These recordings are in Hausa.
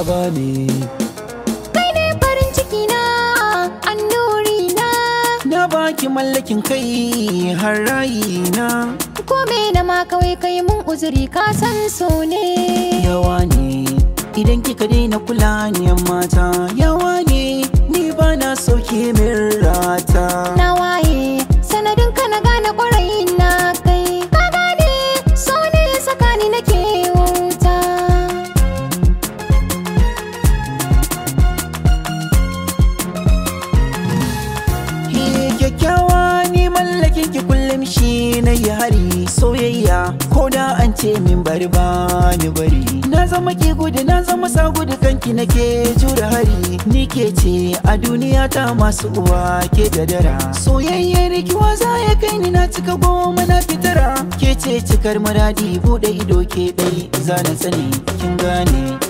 ka bani farin ciki na annuri na na baki mallakin kai har rayi na kome na ma kawai kai mun uzuri ka san so ne yawa ne idan kika daina kula ne mata yawa ne ni ba na sauke mai soyayya ko da an ce min bari ba ni bari na zama ke gudu na zama sa gudu kanki nake jure hari ni ke ce a duniya ta masu uwa ke da dara soyayyar rikiwa za ya kai ni na cika goma na fitara ke ce cikar maradi bude ido ke dai zana sani kin gane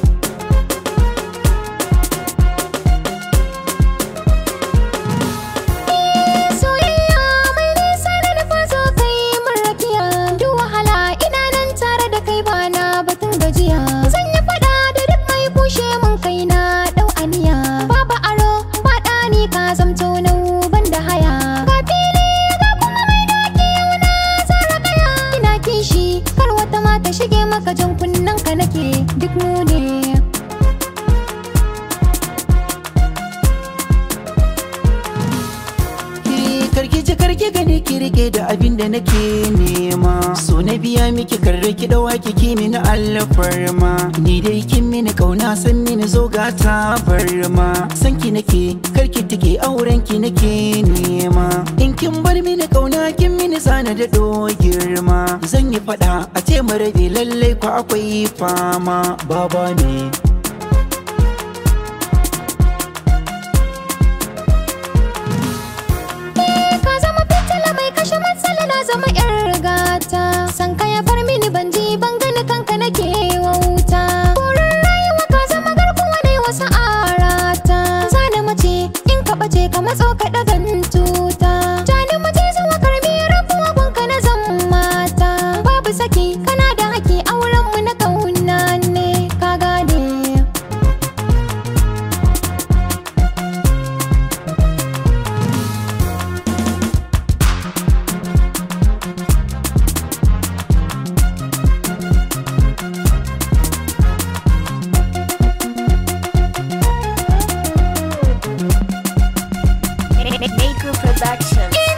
kar wata ma ta shige maka jan kunnen ka nake duk nune karki karki gani ki rike da abin da nake nema so na biya miki karre ki dawa na mini ma. ni dai kin mini kauna san mini zo ga ma. san ki nake karki tike auren ki nake ne yasa na daɗo girma zan yi faɗa a ce mu rabe lallai ku akwai fama baba ne eh, ka zama yar gata san ka ya bar mini ban ji ban gani kanka nake wauta burin rayuwa ka zama garkuwa ne wasu arata zana mace in ka bace ka matso ka Maker Production.